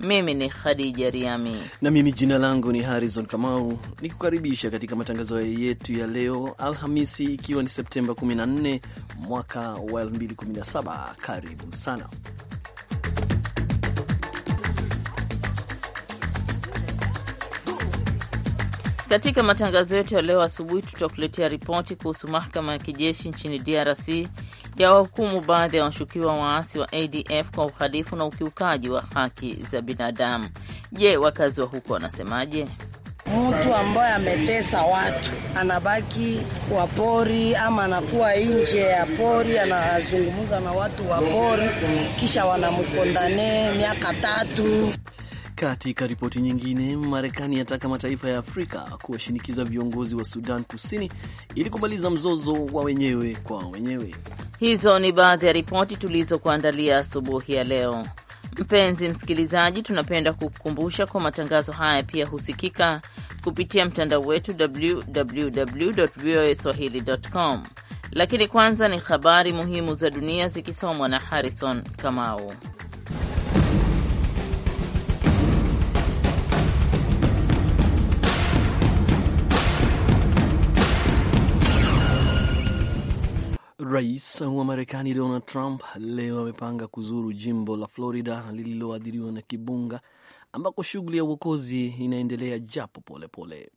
mimi ni Khadija Riami na mimi jina langu ni Harrison Kamau, nikukaribisha katika matangazo yetu ya leo Alhamisi, ikiwa ni Septemba 14 mwaka wa 2017. Karibu sana. Katika matangazo yetu ya leo asubuhi tutakuletea ripoti kuhusu mahakama ya kijeshi nchini DRC ya wahukumu baadhi ya washukiwa waasi wa ADF kwa uhalifu na ukiukaji wa haki za binadamu. Je, wakazi wa huko wanasemaje? Mtu ambaye ametesa watu anabaki wa pori ama anakuwa nje ya pori, anazungumza na watu wa pori, kisha wanamkondane miaka tatu. Katika ripoti nyingine, Marekani yataka mataifa ya Afrika kuwashinikiza viongozi wa Sudan Kusini ili kumaliza mzozo wa wenyewe kwa wenyewe. Hizo ni baadhi ya ripoti tulizokuandalia asubuhi ya leo. Mpenzi msikilizaji, tunapenda kukukumbusha kwa matangazo haya pia husikika kupitia mtandao wetu www voa swahili com. Lakini kwanza ni habari muhimu za dunia zikisomwa na Harrison Kamau. Rais wa Marekani Donald Trump leo amepanga kuzuru jimbo la Florida lililoathiriwa na kibunga ambako shughuli ya uokozi inaendelea japo polepole pole.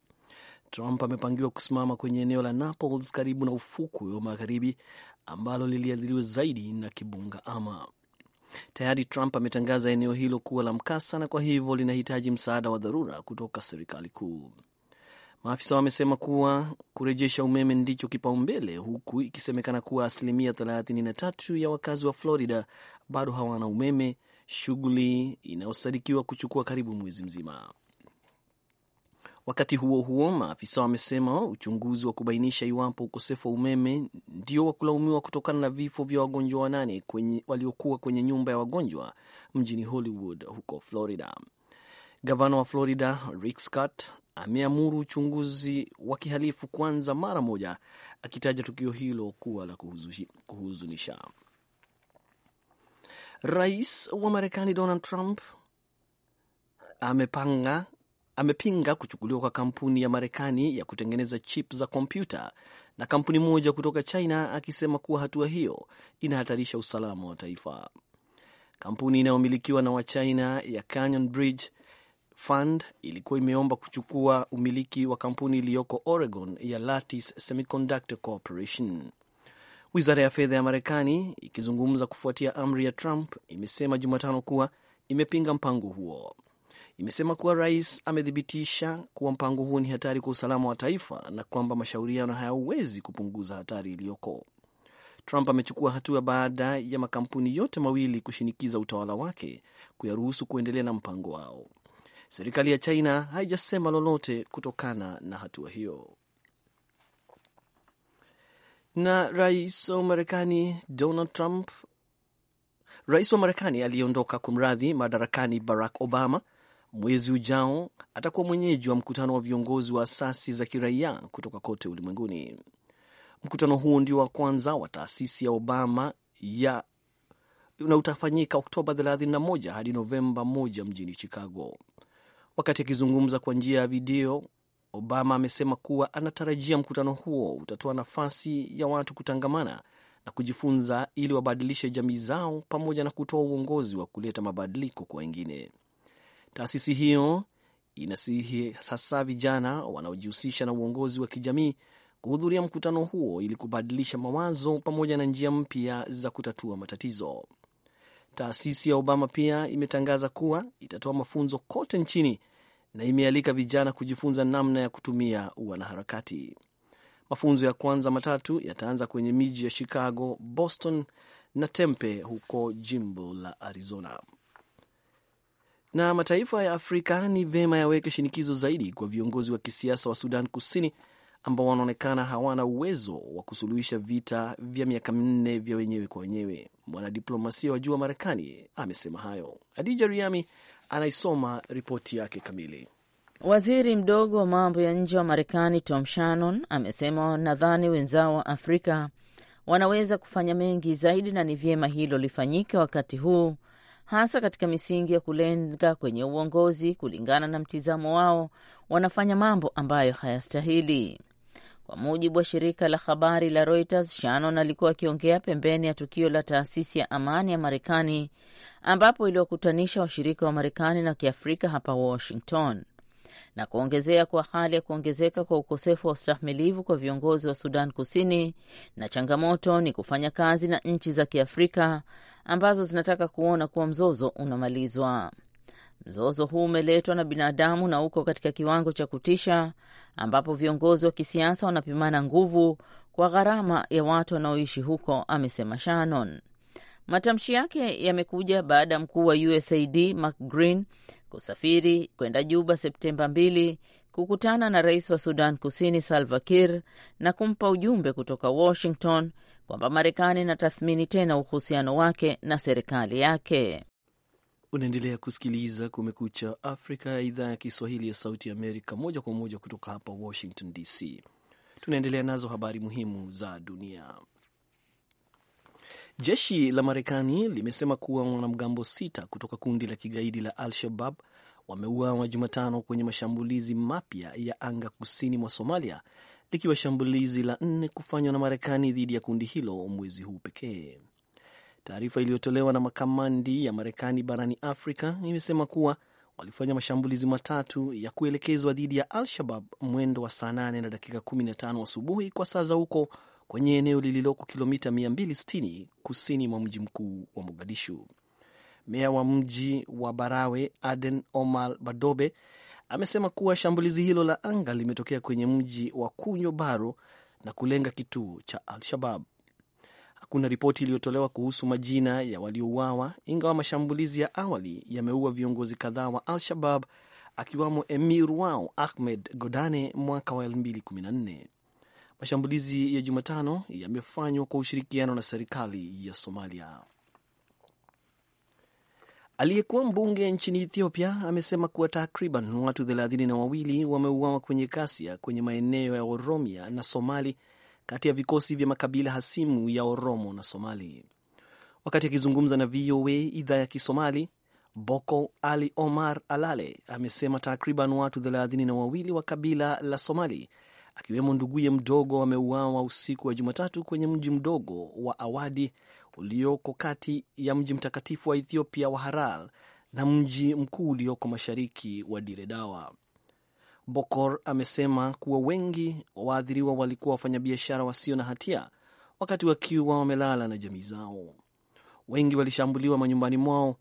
Trump amepangiwa kusimama kwenye eneo la Naples karibu na ufukwe wa magharibi ambalo liliathiriwa zaidi na kibunga Ama. Tayari Trump ametangaza eneo hilo kuwa la mkasa na kwa hivyo linahitaji msaada wa dharura kutoka serikali kuu. Maafisa wamesema kuwa kurejesha umeme ndicho kipaumbele, huku ikisemekana kuwa asilimia 33 ya wakazi wa Florida bado hawana umeme, shughuli inayosadikiwa kuchukua karibu mwezi mzima. Wakati huo huo, maafisa wamesema uchunguzi wa kubainisha iwapo ukosefu wa umeme ndio wa kulaumiwa kutokana na vifo vya wagonjwa wanane waliokuwa kwenye nyumba ya wagonjwa mjini Hollywood huko Florida. Gavana wa Florida Rick Scott ameamuru uchunguzi wa kihalifu kwanza mara moja, akitaja tukio hilo kuwa la kuhuzunisha. Rais wa Marekani Donald Trump amepanga amepinga kuchukuliwa kwa kampuni ya Marekani ya kutengeneza chip za kompyuta na kampuni moja kutoka China, akisema kuwa hatua hiyo inahatarisha usalama wa taifa. Kampuni inayomilikiwa na Wachina ya Canyon Bridge Fund ilikuwa imeomba kuchukua umiliki wa kampuni iliyoko Oregon ya Lattice Semiconductor Corporation. Wizara ya fedha ya Marekani ikizungumza kufuatia amri ya Trump imesema Jumatano kuwa imepinga mpango huo. Imesema kuwa rais amethibitisha kuwa mpango huo ni hatari kwa usalama wa taifa na kwamba mashauriano hayawezi kupunguza hatari iliyoko. Trump amechukua hatua baada ya makampuni yote mawili kushinikiza utawala wake kuyaruhusu kuendelea na mpango wao. Serikali ya China haijasema lolote kutokana na hatua hiyo. Na rais wa Marekani Donald Trump, rais wa Marekani aliyeondoka kumradhi madarakani Barack Obama mwezi ujao atakuwa mwenyeji wa mkutano wa viongozi wa asasi za kiraia kutoka kote ulimwenguni. Mkutano huo ndio wa kwanza wa taasisi ya Obama ya na utafanyika Oktoba 31 hadi Novemba 1 mjini Chicago. Wakati akizungumza kwa njia ya video, Obama amesema kuwa anatarajia mkutano huo utatoa nafasi ya watu kutangamana na kujifunza ili wabadilishe jamii zao pamoja na kutoa uongozi wa kuleta mabadiliko kwa wengine. Taasisi hiyo inasihi hasa vijana wanaojihusisha na uongozi wa kijamii kuhudhuria mkutano huo ili kubadilisha mawazo pamoja na njia mpya za kutatua matatizo. Taasisi ya Obama pia imetangaza kuwa itatoa mafunzo kote nchini na imealika vijana kujifunza namna ya kutumia wanaharakati. Mafunzo ya kwanza matatu yataanza kwenye miji ya Chicago, Boston na Tempe huko jimbo la Arizona. Na mataifa ya Afrika ni vema yaweke shinikizo zaidi kwa viongozi wa kisiasa wa Sudan Kusini ambao wanaonekana hawana uwezo wa kusuluhisha vita vya miaka minne vya wenyewe kwa wenyewe. Mwanadiplomasia wa juu wa Marekani amesema hayo. Hadija Riami anaisoma ripoti yake kamili. Waziri mdogo wa mambo ya nje wa Marekani Tom Shannon amesema nadhani wenzao wa Afrika wanaweza kufanya mengi zaidi na ni vyema hilo lifanyike wakati huu, hasa katika misingi ya kulenga kwenye uongozi. Kulingana na mtizamo wao, wanafanya mambo ambayo hayastahili. Kwa mujibu wa shirika la habari la Reuters, Shannon alikuwa akiongea pembeni ya tukio la taasisi ya amani ya Marekani ambapo iliwakutanisha washirika wa Marekani na Kiafrika hapa Washington, na kuongezea kwa hali ya kuongezeka kwa ukosefu wa ustahimilivu kwa viongozi wa Sudan Kusini na changamoto ni kufanya kazi na nchi za Kiafrika ambazo zinataka kuona kuwa mzozo unamalizwa. Mzozo huu umeletwa na binadamu na uko katika kiwango cha kutisha ambapo viongozi wa kisiasa wanapimana nguvu kwa gharama ya watu wanaoishi huko, amesema Shannon. Matamshi yake yamekuja baada ya mkuu wa USAID Mark Green kusafiri kwenda Juba Septemba 2 kukutana na rais wa Sudan Kusini Salva Kiir na kumpa ujumbe kutoka Washington kwamba Marekani inatathmini tena uhusiano wake na serikali yake. Unaendelea kusikiliza Kumekucha Afrika ya idhaa ya Kiswahili ya Sauti ya Amerika, moja kwa moja kutoka hapa Washington DC. Tunaendelea nazo habari muhimu za dunia. Jeshi la Marekani limesema kuwa wanamgambo sita kutoka kundi la kigaidi la Al-Shabab wameuawa Jumatano kwenye mashambulizi mapya ya anga kusini mwa Somalia, likiwa shambulizi la nne kufanywa na Marekani dhidi ya kundi hilo mwezi huu pekee. Taarifa iliyotolewa na makamandi ya Marekani barani Afrika imesema kuwa walifanya mashambulizi matatu ya kuelekezwa dhidi ya Al-Shabab mwendo wa saa 8 na dakika 15 asubuhi kwa saa za huko kwenye eneo lililoko kilomita 260 kusini mwa mji mkuu wa Mogadishu. Meya wa mji wa Barawe Aden Omar Badobe amesema kuwa shambulizi hilo la anga limetokea kwenye mji wa Kunyo Baro na kulenga kituo cha Al-Shabab. Hakuna ripoti iliyotolewa kuhusu majina ya waliouawa, ingawa mashambulizi ya awali yameua viongozi kadhaa wa Al-Shabab akiwamo emir wao Ahmed Godane mwaka wa 2014. Mashambulizi ya Jumatano yamefanywa kwa ushirikiano na serikali ya Somalia. Aliyekuwa mbunge nchini Ethiopia amesema kuwa takriban watu thelathini na wawili wameuawa kwenye ghasia kwenye maeneo ya Oromia na Somali kati ya vikosi vya makabila hasimu ya Oromo na Somali. Wakati akizungumza na VOA idhaa ya Kisomali, Boko Ali Omar Alale amesema takriban watu thelathini na wawili wa kabila la Somali akiwemo nduguye mdogo wameuawa usiku wa Jumatatu kwenye mji mdogo wa Awadi ulioko kati ya mji mtakatifu wa Ethiopia wa Harar na mji mkuu ulioko mashariki wa Diredawa. Bokor amesema kuwa wengi wa waathiriwa walikuwa wafanyabiashara wasio na hatia wakati wakiwa wamelala na jamii zao. Wengi walishambuliwa manyumbani mwao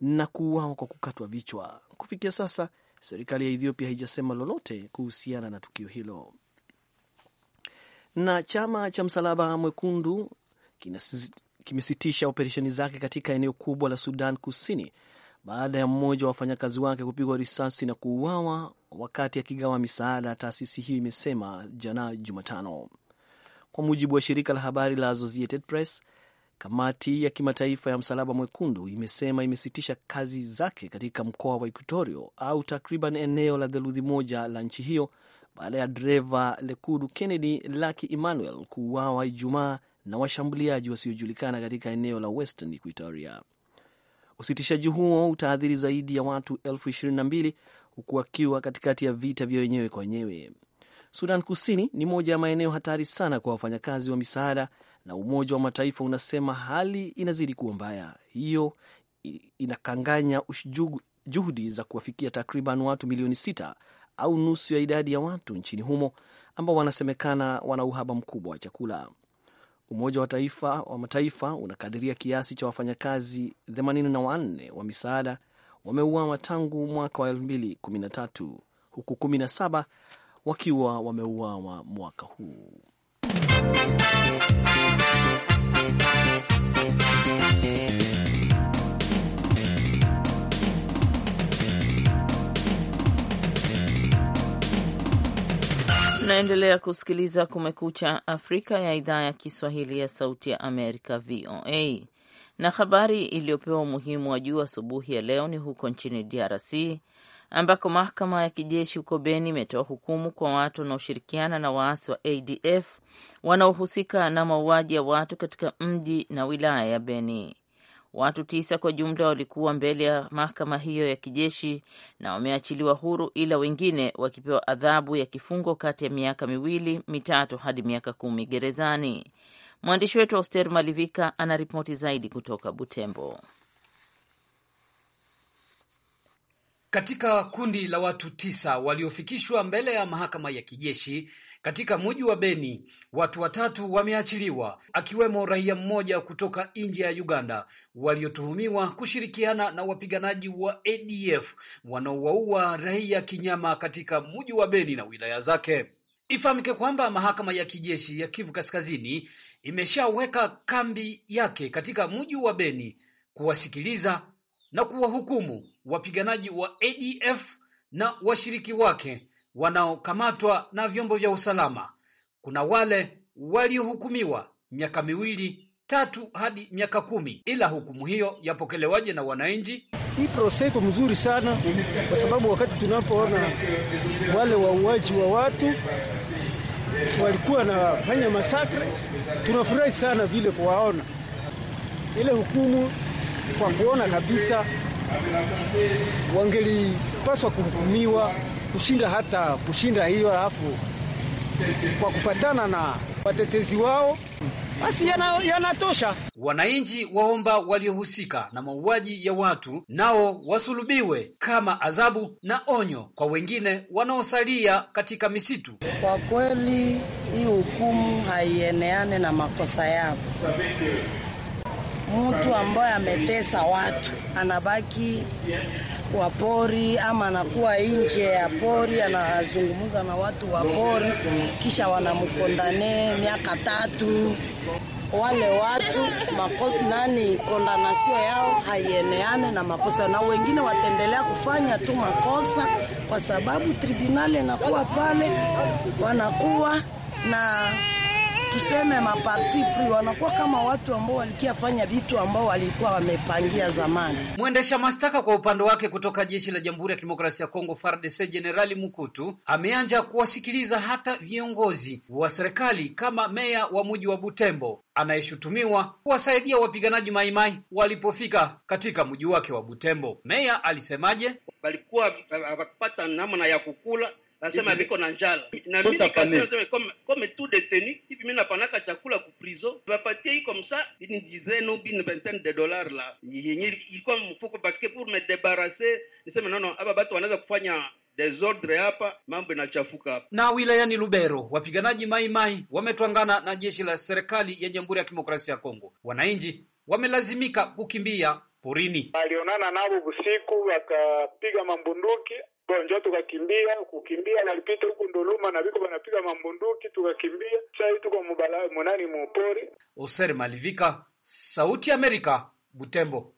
na kuuawa kwa kukatwa vichwa. Kufikia sasa, serikali ya Ethiopia haijasema lolote kuhusiana na tukio hilo. Na chama cha Msalaba Mwekundu kimesitisha operesheni zake katika eneo kubwa la Sudan Kusini baada ya mmoja wa wafanyakazi wake kupigwa risasi na kuuawa wakati akigawa misaada, taasisi hiyo imesema jana Jumatano, kwa mujibu wa shirika la habari la Associated Press. Kamati ya kimataifa ya Msalaba Mwekundu imesema imesitisha kazi zake katika mkoa wa Equatorio au takriban eneo la theluthi moja la nchi hiyo baada ya dereva Lekudu Kennedy Laki Emmanuel kuuawa Ijumaa na washambuliaji wasiojulikana katika eneo la Western Equatoria. Usitishaji huo utaathiri zaidi ya watu elfu ishirini na mbili huku wakiwa katikati ya vita vya wenyewe kwa wenyewe. Sudan Kusini ni moja ya maeneo hatari sana kwa wafanyakazi wa misaada, na Umoja wa Mataifa unasema hali inazidi kuwa mbaya. Hiyo inakanganya juhudi za kuwafikia takriban watu milioni sita au nusu ya idadi ya watu nchini humo ambao wanasemekana wana uhaba mkubwa wa chakula. Umoja wa, taifa, wa Mataifa unakadiria kiasi cha wafanyakazi 84 wa misaada wameuawa tangu mwaka wa 2013 huku 17 wakiwa wameuawa mwaka huu. Naendelea kusikiliza Kumekucha Afrika ya idhaa ya Kiswahili ya Sauti ya Amerika, VOA. Na habari iliyopewa umuhimu wa juu asubuhi ya leo ni huko nchini DRC ambako mahakama ya kijeshi huko Beni imetoa hukumu kwa watu wanaoshirikiana na waasi wa ADF wanaohusika na mauaji ya watu katika mji na wilaya ya Beni. Watu tisa kwa jumla walikuwa mbele ya mahakama hiyo ya kijeshi na wameachiliwa huru, ila wengine wakipewa adhabu ya kifungo kati ya miaka miwili mitatu hadi miaka kumi gerezani. Mwandishi wetu Auster Malivika anaripoti zaidi kutoka Butembo. katika kundi la watu tisa waliofikishwa mbele ya mahakama ya kijeshi katika mji wa Beni. Watu watatu wameachiliwa akiwemo raia mmoja kutoka nje ya Uganda waliotuhumiwa kushirikiana na wapiganaji wa ADF wanaowaua raia kinyama katika mji wa Beni na wilaya zake. Ifahamike kwamba mahakama ya kijeshi ya Kivu Kaskazini imeshaweka kambi yake katika mji wa Beni kuwasikiliza na kuwahukumu wapiganaji wa ADF na washiriki wake wanaokamatwa na vyombo vya usalama. Kuna wale waliohukumiwa miaka miwili tatu hadi miaka kumi. Ila hukumu hiyo yapokelewaje na wananchi? Hii iko mzuri sana, kwa sababu wakati tunapoona wale wauaji wa watu walikuwa wanafanya masakre, tunafurahi sana vile kuwaona. Ile hukumu kwa kuona kabisa wangelipaswa kuhukumiwa kushinda hata kushinda hiyo, alafu kwa kufatana na watetezi wao basi yanatosha. Yana wananchi waomba waliohusika na mauaji ya watu nao wasulubiwe kama adhabu na onyo kwa wengine wanaosalia katika misitu. Kwa kweli hii hukumu haieneane na makosa yao mtu ambaye ametesa watu anabaki wa pori ama anakuwa nje ya pori, anazungumza na watu wa pori, kisha wanamkondane miaka tatu. Wale watu makosa nani, kondanasio yao haieneane na makosa, na wengine watendelea kufanya tu makosa, kwa sababu tribunali inakuwa pale, wanakuwa na tuseme maparti pri wanakuwa kama watu ambao walikia fanya vitu ambao walikuwa wamepangia zamani. Mwendesha mashtaka kwa upande wake kutoka jeshi la Jamhuri ya Kidemokrasia ya Kongo FARDC, Jenerali Mukutu ameanza kuwasikiliza hata viongozi wa serikali kama meya wa mji wa Butembo anayeshutumiwa kuwasaidia wapiganaji maimai walipofika katika mji wake wa Butembo. Meya alisemaje? walikuwa eh, hawakupata namna ya kukula nasema viko na njala na hivi napanaka chakula ku dizaine vingtaine de la yenye ilikuwa mfuko pour me niseme nono hapa wanaweza kufanya desordre hapa, mambo inachafuka hapa. Na wilayani Lubero, wapiganaji maimai wametwangana na jeshi la serikali ya Jamhuri ya Kidemokrasia ya Kongo. Wananchi wamelazimika kukimbia porini. Walionana navo usiku, wakapiga mambunduki bonjo tukakimbia kukimbia nalipita huku Ndoluma na viko wanapiga mambunduki tukakimbia. Sasa tuko mubala munani mupori. Oser Malivika, Sauti america Amerika, Butembo.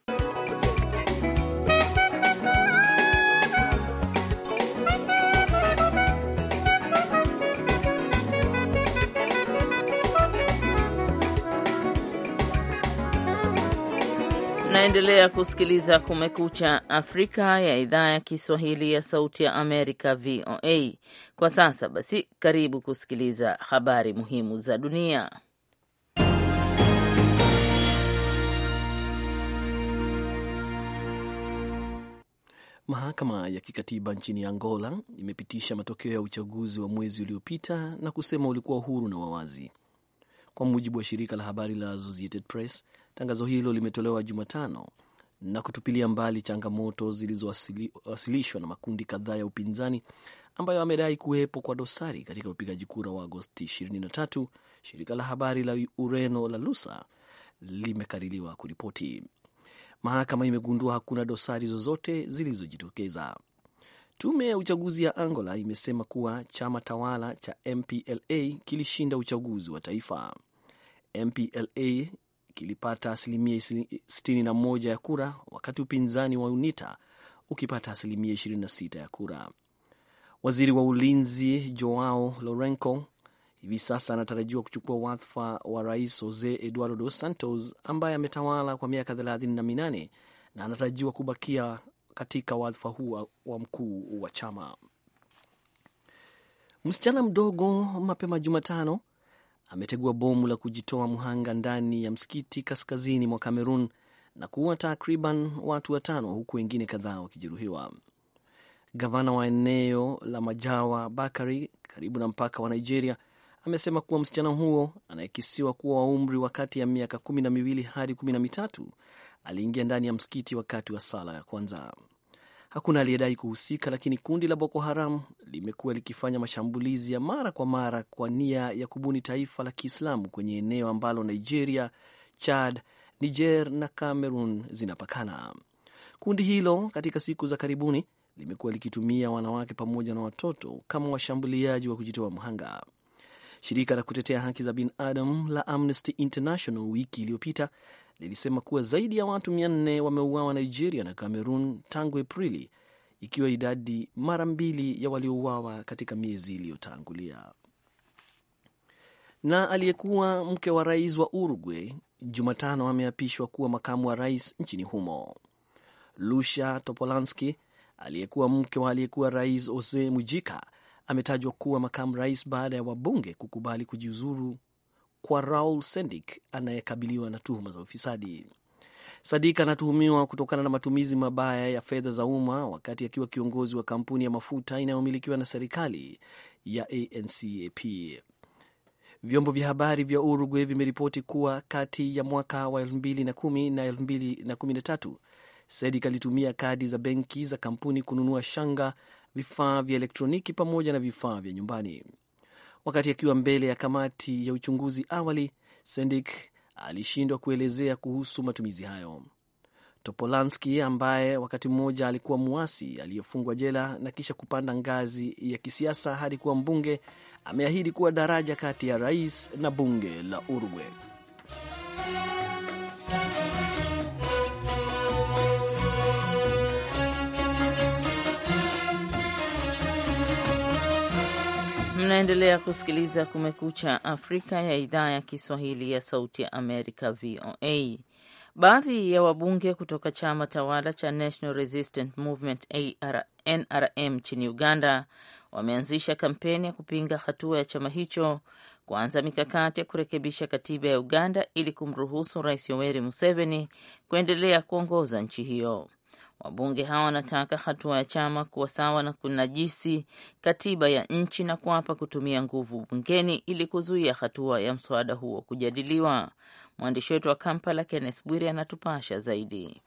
Unaendelea kusikiliza Kumekucha Afrika ya idhaa ya Kiswahili ya Sauti ya Amerika, VOA. Kwa sasa basi, karibu kusikiliza habari muhimu za dunia. Mahakama ya kikatiba nchini Angola imepitisha matokeo ya uchaguzi wa mwezi uliopita na kusema ulikuwa huru na wawazi. Kwa mujibu wa shirika la habari la Associated Press, Tangazo hilo limetolewa Jumatano na kutupilia mbali changamoto zilizowasilishwa na makundi kadhaa ya upinzani ambayo amedai kuwepo kwa dosari katika upigaji kura wa Agosti 23. Shirika la habari la Ureno la Lusa limekaririwa kuripoti. Mahakama imegundua hakuna dosari zozote zilizojitokeza. Tume ya uchaguzi ya Angola imesema kuwa chama tawala cha MPLA kilishinda uchaguzi wa taifa. MPLA kilipata asilimia 61 ya kura wakati upinzani wa UNITA ukipata asilimia 26 ya kura. Waziri wa ulinzi Joao Lourenco hivi sasa anatarajiwa kuchukua wadhifa wa rais Jose Eduardo Dos Santos ambaye ametawala kwa miaka 38 na anatarajiwa kubakia katika wadhifa huu wa mkuu wa chama. Msichana mdogo mapema Jumatano ametegua bomu la kujitoa mhanga ndani ya msikiti kaskazini mwa Kamerun na kuua takriban watu watano huku wengine kadhaa wakijeruhiwa. Gavana wa eneo la Majawa Bakari karibu na mpaka wa Nigeria amesema kuwa msichana huo anayekisiwa kuwa wa umri wa kati ya miaka kumi na miwili hadi kumi na mitatu aliingia ndani ya msikiti wakati wa sala ya kwanza. Hakuna aliyedai kuhusika, lakini kundi la Boko Haram limekuwa likifanya mashambulizi ya mara kwa mara kwa nia ya kubuni taifa la Kiislamu kwenye eneo ambalo Nigeria, Chad, Niger na Cameroon zinapakana. Kundi hilo katika siku za karibuni limekuwa likitumia wanawake pamoja na watoto kama washambuliaji wa kujitoa mhanga. Shirika la kutetea haki za binadamu la Amnesty International wiki iliyopita lilisema kuwa zaidi ya watu 400 wameuawa Nigeria na Cameroon tangu Aprili, ikiwa idadi mara mbili ya waliouawa katika miezi iliyotangulia. Na aliyekuwa mke wa rais wa Uruguay Jumatano ameapishwa kuwa makamu wa rais nchini humo. Lucia Topolanski aliyekuwa mke wa aliyekuwa rais Jose Mujika ametajwa kuwa makamu rais baada ya wabunge kukubali kujiuzuru kwa Raul Sendik anayekabiliwa na tuhuma za ufisadi. Sadik anatuhumiwa kutokana na matumizi mabaya ya fedha za umma wakati akiwa kiongozi wa kampuni ya mafuta inayomilikiwa na serikali ya ANCAP. Vyombo vya habari vya Uruguay vimeripoti kuwa kati ya mwaka wa 2010 na 2013 Sedik alitumia kadi za benki za kampuni kununua shanga, vifaa vya elektroniki pamoja na vifaa vya nyumbani. Wakati akiwa mbele ya kamati ya uchunguzi awali, Sendik alishindwa kuelezea kuhusu matumizi hayo. Topolanski ambaye wakati mmoja alikuwa mwasi aliyefungwa jela na kisha kupanda ngazi ya kisiasa hadi kuwa mbunge, ameahidi kuwa daraja kati ya rais na bunge la Uruguay. Mnaendelea kusikiliza Kumekucha Afrika ya idhaa ya Kiswahili ya Sauti ya Amerika, VOA. Baadhi ya wabunge kutoka chama tawala cha National Resistance Movement AR, NRM nchini Uganda wameanzisha kampeni ya kupinga hatua ya chama hicho kuanza mikakati ya kurekebisha katiba ya Uganda ili kumruhusu Rais Yoweri Museveni kuendelea kuongoza nchi hiyo. Wabunge hawa wanataka hatua ya chama kuwa sawa na kunajisi katiba ya nchi na kuapa kutumia nguvu bungeni ili kuzuia hatua ya mswada huo kujadiliwa. Mwandishi wetu wa Kampala, Kenneth Bwire, anatupasha zaidi.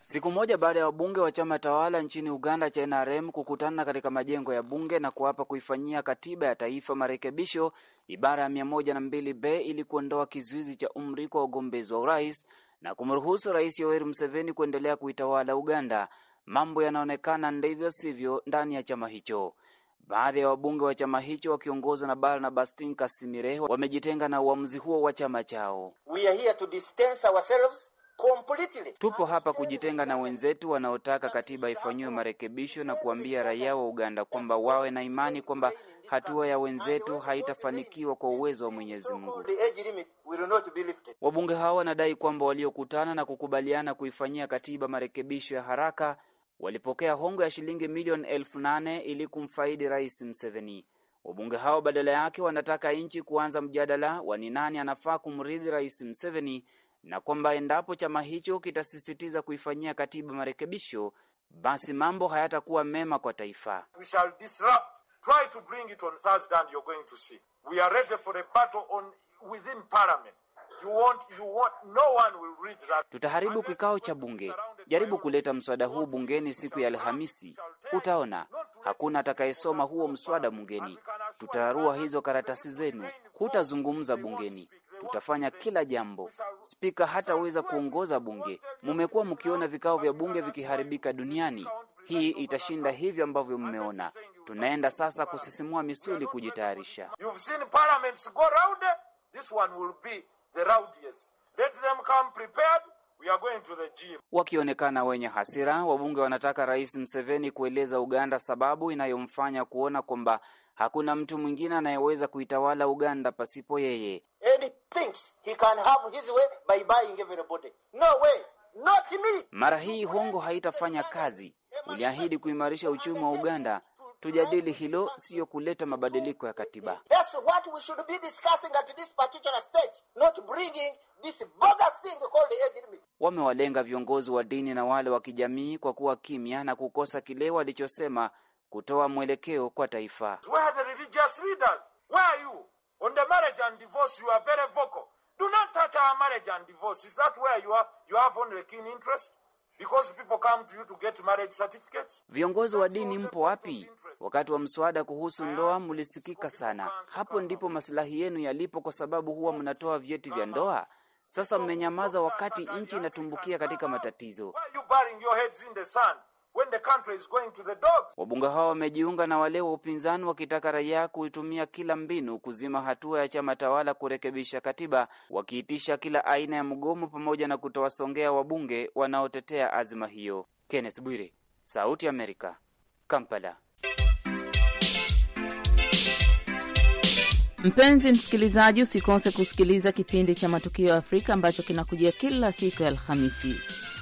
Siku moja baada ya wabunge wa chama tawala nchini Uganda cha NRM kukutana katika majengo ya bunge na kuapa kuifanyia katiba ya taifa marekebisho ibara ya mia na b ili kuondoa kizuizi cha umri kwa wagombezi wa urais, na kumruhusu Rais Yoweri Museveni kuendelea kuitawala Uganda, mambo yanaonekana ndivyo sivyo ndani ya chama hicho. Baadhi ya wabunge wa chama hicho wakiongozwa na Barnabas Tin Kasimire wamejitenga na uamuzi huo wa chama chao. We are here to distance ourselves Completely. Tupo hapa kujitenga na wenzetu wanaotaka katiba ifanyiwe marekebisho na kuambia raia wa Uganda kwamba wawe na imani kwamba hatua ya wenzetu haitafanikiwa kwa uwezo wa Mwenyezi Mungu. Wabunge hao wanadai kwamba waliokutana na kukubaliana kuifanyia katiba marekebisho ya haraka walipokea hongo ya shilingi milioni elfu nane ili kumfaidi Rais Mseveni. Wabunge hao badala yake wanataka nchi kuanza mjadala wa ni nani anafaa kumrithi Rais Mseveni na kwamba endapo chama hicho kitasisitiza kuifanyia katiba marekebisho, basi mambo hayatakuwa mema kwa taifa. Tutaharibu kikao cha bunge. Jaribu kuleta mswada huu bungeni siku ya Alhamisi, utaona hakuna atakayesoma huo mswada bungeni. Tutararua hizo karatasi zenu, hutazungumza bungeni tutafanya kila jambo. Spika hataweza kuongoza bunge. mumekuwa mkiona vikao vya bunge vikiharibika duniani. Hii itashinda hivyo ambavyo mmeona. Tunaenda sasa kusisimua misuli kujitayarisha. Wakionekana wenye hasira, wabunge wanataka Rais Mseveni kueleza Uganda sababu inayomfanya kuona kwamba hakuna mtu mwingine anayeweza kuitawala Uganda pasipo yeye and thinks he can have his way by buying everybody. No way, not me. Mara hii hongo haitafanya kazi. Uliahidi kuimarisha uchumi wa Uganda. Tujadili hilo, siyo kuleta mabadiliko ya katiba. That's what we should be discussing at this particular stage, not bringing this bogus thing called the age Wamewalenga viongozi wa dini na wale wa kijamii kwa kuwa kimya na kukosa kile walichosema kutoa mwelekeo kwa taifa. Where are the religious leaders? Where are you? On the marriage and divorce, you are very vocal. Do not touch our marriage and divorce. Is that where you, are, you have only keen interest? Because people come to you to get marriage certificates. Viongozi wa dini mpo wapi? Wakati wa mswada kuhusu ndoa mlisikika sana. Hapo ndipo masilahi yenu yalipo, kwa sababu huwa mnatoa vyeti vya ndoa. Sasa mmenyamaza wakati nchi inatumbukia katika matatizo. you burying your heads in the sand? when the country is going to the dogs. Wabunge hao wamejiunga na wale wa upinzani wakitaka raia kuitumia kila mbinu kuzima hatua ya chama tawala kurekebisha katiba, wakiitisha kila aina ya mgomo pamoja na kutowasongea wabunge wanaotetea azima hiyo. Kenneth Bwire, Sauti Amerika, Kampala. Mpenzi msikilizaji, usikose kusikiliza kipindi cha Matukio ya Afrika ambacho kinakujia kila siku ya Alhamisi.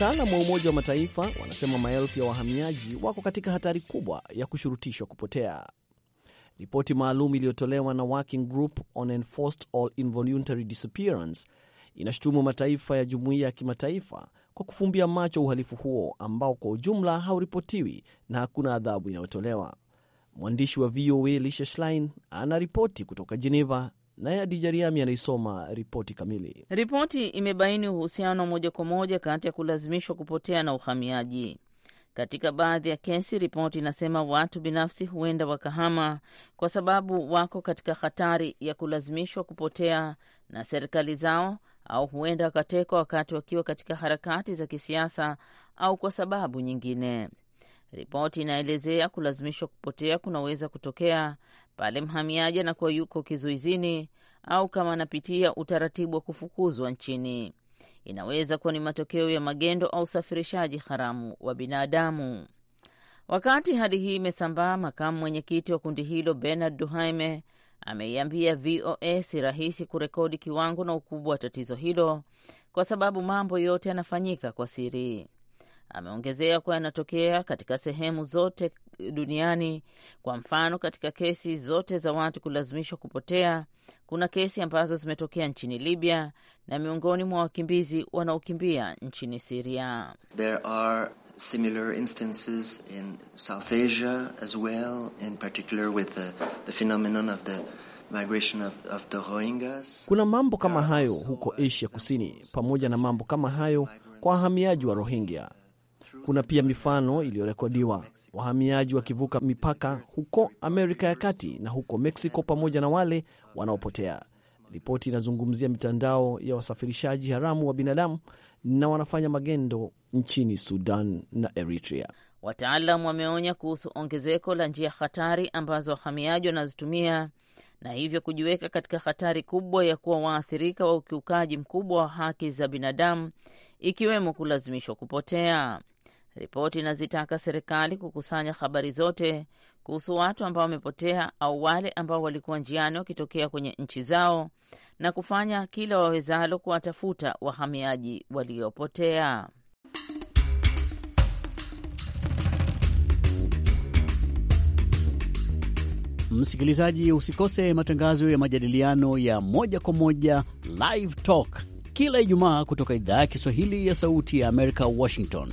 Wataalam wa Umoja wa Mataifa wanasema maelfu ya wahamiaji wako katika hatari kubwa ya kushurutishwa kupotea. Ripoti maalum iliyotolewa na Working Group on Enforced or Involuntary Disappearance inashutumu mataifa ya jumuiya ya kimataifa kwa kufumbia macho uhalifu huo ambao kwa ujumla hauripotiwi na hakuna adhabu inayotolewa. Mwandishi wa VOA Lisha Schlein anaripoti kutoka Geneva naye Adija Riami anaisoma ripoti kamili. Ripoti imebaini uhusiano wa moja kwa moja kati ya kulazimishwa kupotea na uhamiaji. Katika baadhi ya kesi, ripoti inasema watu binafsi huenda wakahama kwa sababu wako katika hatari ya kulazimishwa kupotea na serikali zao, au huenda wakatekwa wakati wakiwa katika harakati za kisiasa au kwa sababu nyingine. Ripoti inaelezea kulazimishwa kupotea kunaweza kutokea pale mhamiaji anakuwa yuko kizuizini au kama anapitia utaratibu wa kufukuzwa nchini. Inaweza kuwa ni matokeo ya magendo au usafirishaji haramu wa binadamu. Wakati hali hii imesambaa, makamu mwenyekiti wa kundi hilo Bernard Duhaime ameiambia VOA si rahisi kurekodi kiwango na ukubwa wa tatizo hilo kwa sababu mambo yote yanafanyika kwa siri. Ameongezea kuwa yanatokea katika sehemu zote duniani. Kwa mfano, katika kesi zote za watu kulazimishwa kupotea, kuna kesi ambazo zimetokea nchini Libya na miongoni mwa wakimbizi wanaokimbia nchini Siria. There are similar instances in South Asia as well, in particular with the, the phenomenon of the migration of, of the Rohingyas. Kuna mambo kama hayo huko Asia Kusini, pamoja na mambo kama hayo kwa wahamiaji wa Rohingya kuna pia mifano iliyorekodiwa wahamiaji wakivuka mipaka huko Amerika ya Kati na huko Mexico, pamoja na wale wanaopotea. Ripoti inazungumzia mitandao ya wasafirishaji haramu wa binadamu na wanafanya magendo nchini Sudan na Eritrea. Wataalam wameonya kuhusu ongezeko la njia hatari ambazo wahamiaji wanazitumia na hivyo kujiweka katika hatari kubwa ya kuwa waathirika wa ukiukaji mkubwa wa haki za binadamu ikiwemo kulazimishwa kupotea. Ripoti inazitaka serikali kukusanya habari zote kuhusu watu ambao wamepotea au wale ambao walikuwa njiani wakitokea kwenye nchi zao na kufanya kila wawezalo kuwatafuta wahamiaji waliopotea. Msikilizaji, usikose matangazo ya majadiliano ya moja kwa moja Live Talk kila Ijumaa kutoka idhaa ya Kiswahili ya Sauti ya Amerika, Washington.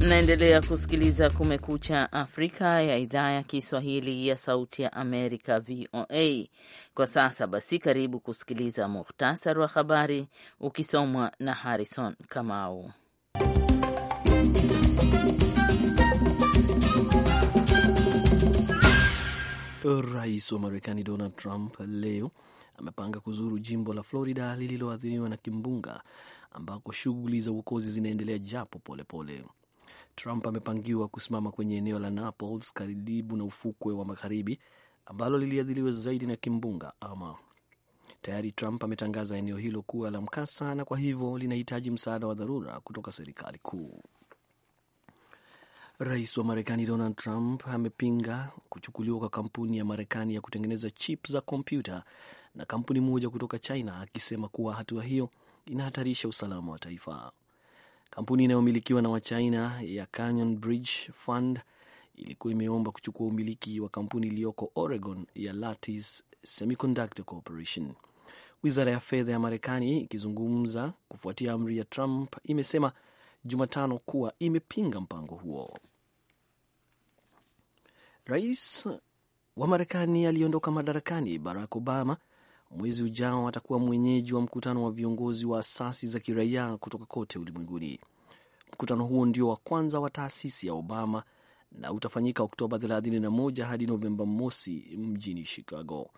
Mnaendelea kusikiliza Kumekucha Afrika ya idhaa ya Kiswahili ya Sauti ya Amerika, VOA. Kwa sasa basi, karibu kusikiliza muhtasari wa habari ukisomwa na Harrison Kamau. Rais wa Marekani Donald Trump leo amepanga kuzuru jimbo la Florida lililoathiriwa na kimbunga ambako shughuli za uokozi zinaendelea japo polepole pole. Trump amepangiwa kusimama kwenye eneo la Naples karibu na ufukwe wa magharibi ambalo liliadhiliwa zaidi na kimbunga Ama. Tayari Trump ametangaza eneo hilo kuwa la mkasa na kwa hivyo linahitaji msaada wa dharura kutoka serikali kuu. Rais wa Marekani Donald Trump amepinga kuchukuliwa kwa kampuni ya Marekani ya kutengeneza chip za kompyuta na kampuni moja kutoka China akisema kuwa hatua hiyo inahatarisha usalama wa taifa. Kampuni inayomilikiwa na Wachina ya Canyon Bridge Fund ilikuwa imeomba kuchukua umiliki wa kampuni iliyoko Oregon ya Lattice Semiconductor Corporation. Wizara ya fedha ya Marekani ikizungumza kufuatia amri ya Trump imesema Jumatano kuwa imepinga mpango huo. Rais wa Marekani aliyeondoka madarakani Barack Obama mwezi ujao atakuwa mwenyeji wa mkutano wa viongozi wa asasi za kiraia kutoka kote ulimwenguni. Mkutano huo ndio wa kwanza wa taasisi ya Obama na utafanyika Oktoba 31 hadi Novemba mosi mjini Chicago.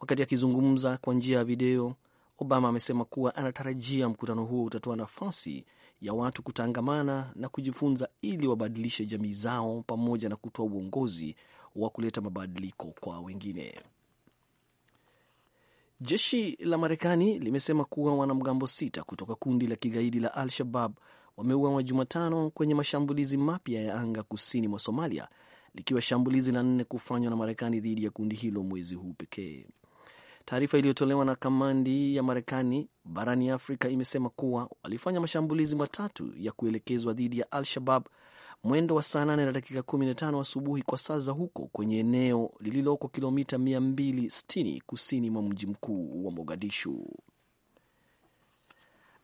Wakati akizungumza kwa njia ya video, Obama amesema kuwa anatarajia mkutano huo utatoa nafasi ya watu kutangamana na kujifunza ili wabadilishe jamii zao pamoja na kutoa uongozi wa kuleta mabadiliko kwa wengine. Jeshi la Marekani limesema kuwa wanamgambo sita kutoka kundi la kigaidi la Al-Shabab wameuawa Jumatano kwenye mashambulizi mapya ya anga kusini mwa Somalia, likiwa shambulizi la nne kufanywa na Marekani dhidi ya kundi hilo mwezi huu pekee. Taarifa iliyotolewa na kamandi ya Marekani barani Afrika imesema kuwa walifanya mashambulizi matatu ya kuelekezwa dhidi ya Al-Shabab mwendo wa saa 8 na dakika 15 asubuhi kwa saa za huko kwenye eneo lililoko kilomita 260 kusini mwa mji mkuu wa Mogadishu.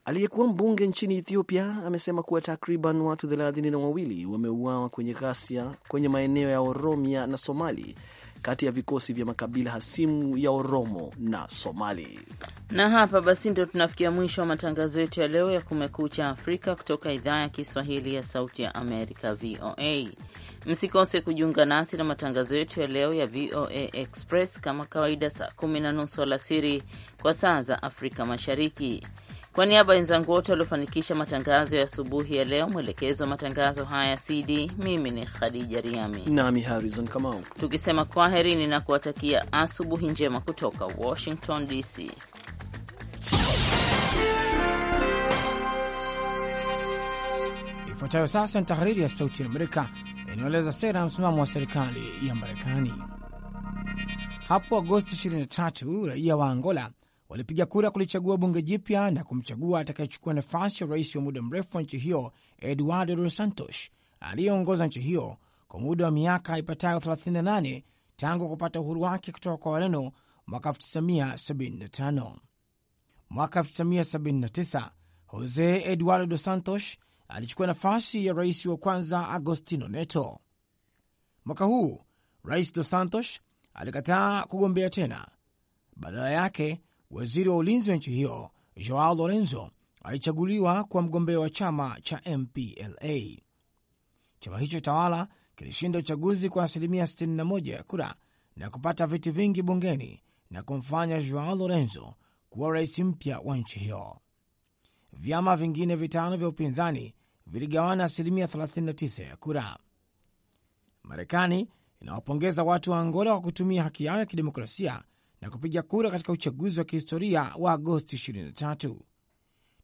Aliyekuwa mbunge nchini Ethiopia amesema kuwa takriban watu thelathini na wawili wameuawa kwenye ghasia kwenye maeneo ya Oromia na Somali kati ya vikosi vya makabila hasimu ya Oromo na Somali. Na hapa basi ndio tunafikia mwisho wa matangazo yetu ya leo ya Kumekucha Afrika kutoka idhaa ya Kiswahili ya Sauti ya Amerika, VOA. Msikose kujiunga nasi na matangazo yetu ya leo ya VOA Express kama kawaida, saa kumi na nusu alasiri kwa saa za Afrika Mashariki. Kwa niaba ya wenzangu wote waliofanikisha matangazo ya asubuhi ya leo, mwelekezo wa matangazo haya CD, mimi ni Khadija Riami nami Harrison Kamau, tukisema kwaherini na kuwatakia asubuhi njema kutoka Washington DC. Ifuatayo sasa ni tahariri ya Sauti ya Amerika inayoeleza sera ya msimamo wa serikali ya Marekani. Hapo Agosti 23 raia wa Angola walipiga kura kulichagua bunge jipya na kumchagua atakayechukua nafasi ya rais wa muda mrefu wa nchi hiyo Eduardo Dos Santos aliyeongoza nchi hiyo kwa muda wa miaka ipatayo 38 tangu kupata uhuru wake kutoka kwa Wareno mwaka 1975. Mwaka 1979 Jose Eduardo Dos Santos alichukua nafasi ya rais wa kwanza Agostino Neto. Mwaka huu rais Dos Santos alikataa kugombea tena, badala yake Waziri wa ulinzi wa nchi hiyo Joao Lorenzo alichaguliwa kuwa mgombea wa chama cha MPLA. Chama hicho tawala kilishinda uchaguzi kwa asilimia 61 ya kura na kupata viti vingi bungeni na kumfanya Joao Lorenzo kuwa rais mpya wa nchi hiyo. Vyama vingine vitano vya upinzani viligawana asilimia 39 ya kura. Marekani inawapongeza watu wa Angola kwa kutumia haki yao ya kidemokrasia na kupiga kura katika uchaguzi wa kihistoria wa Agosti 23.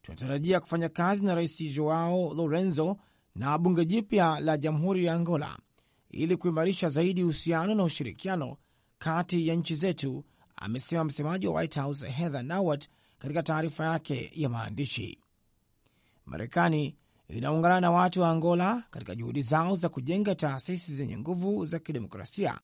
Tunatarajia kufanya kazi na Rais Joao Lorenzo na bunge jipya la jamhuri ya Angola ili kuimarisha zaidi uhusiano na ushirikiano kati ya nchi zetu, amesema msemaji wa White House Heather Nauert katika taarifa yake ya maandishi. Marekani inaungana na watu wa Angola katika juhudi zao za kujenga taasisi zenye nguvu za kidemokrasia